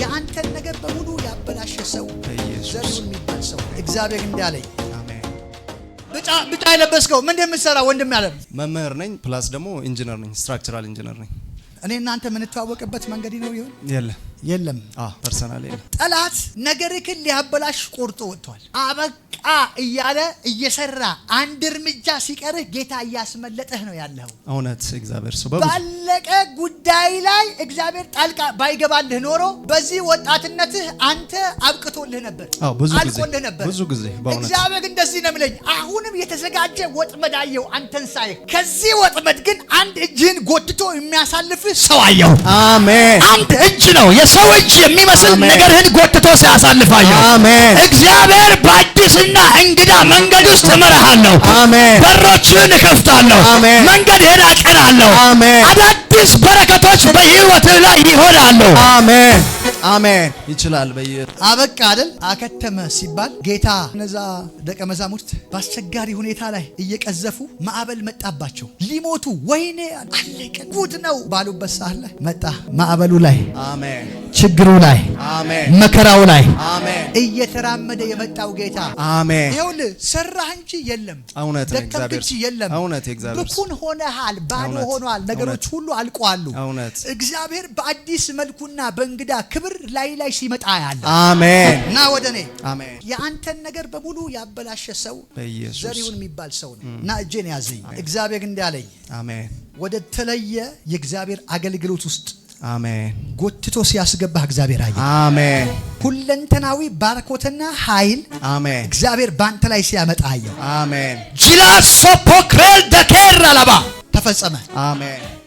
የአንተን ነገር በሙሉ ያበላሸ ሰው ዘሩ የሚባል ሰው እግዚአብሔር እንዳለኝ ብጫ የለበስከው ምንድን የምትሰራ ወንድም? ያለ መምህር ነኝ፣ ፕላስ ደግሞ ኢንጂነር ነኝ፣ ስትራክቸራል ኢንጂነር ነኝ። እኔ እናንተ የምንተዋወቅበት መንገድ ነው ይሆን? የለም የለም፣ ፐርሰናል የለም። ጠላት ነገርክን ሊያበላሽ ቆርጦ ወጥቷል። ወጣ እያለ እየሰራ አንድ እርምጃ ሲቀርህ ጌታ እያስመለጠህ ነው ያለው። እውነት እግዚአብሔር ሰው ባለቀ ጉዳይ ላይ እግዚአብሔር ጣልቃ ባይገባልህ ኖሮ በዚህ ወጣትነትህ አንተ አብቅቶልህ ነበር፣ አልቆልህ ነበር። ብዙ ጊዜ እግዚአብሔር እንደዚህ ነው የሚለኝ። አሁንም የተዘጋጀ ወጥመድ አየሁ አንተን ሳይህ፣ ከዚህ ወጥመድ ግን አንድ እጅህን ጎትቶ የሚያሳልፍህ ሰው አየሁ። አሜን። አንድ እጅ ነው የሰው እጅ የሚመስል ነገርህን ጎትቶ ሲያሳልፍ አየሁ። አሜን። እግዚአብሔር በአዲስ አዲስና እንግዳ መንገድ ውስጥ እመራሃለሁ። በሮችህን እከፍታለሁ። መንገድ ሄዳ ቀናለሁ። አዳዲስ በረከቶች በህይወትህ ላይ ይሆናሉ። አሜን አሜን። ይችላል አበቃ አይደል አከተመ ሲባል ጌታ እነዛ ደቀ መዛሙርት በአስቸጋሪ ሁኔታ ላይ እየቀዘፉ ማዕበል መጣባቸው ሊሞቱ ወይኔ አለቀ ጉድ ነው ባሉበት ሰዓት ላይ መጣ ማዕበሉ ላይ፣ ችግሩ ላይ፣ መከራው ላይ እየተራመደ የመጣው ጌታ አሜን። ይኸውልህ ሰራህ እንጂ የለም እውነት ደከምክ እንጂ የለም እውነት እግዚአብሔር ብኩን ሆነሃል፣ ባዶ ሆኗል፣ ነገሮች ሁሉ አልቀዋሉ። እውነት እግዚአብሔር በአዲስ መልኩና በእንግዳ ክብር ላይ ላይ ሲመጣ ያለ አሜን። እና ወደ እኔ አሜን። የአንተን ነገር በሙሉ ያበላሸ ሰው ዘሪሁን የሚባል ሰው ነው። እና እጄን ያዘኝ እግዚአብሔር እንዳለኝ አሜን። ወደ ተለየ የእግዚአብሔር አገልግሎት ውስጥ አሜን ጎትቶ ሲያስገባህ እግዚአብሔር አየ። አሜን ሁለንተናዊ ባርኮትና ኃይል አሜን እግዚአብሔር ባንተ ላይ ሲያመጣ አየው። አሜን ጅላ ሶፖክሬል ደኬር አለባ ተፈጸመ። አሜን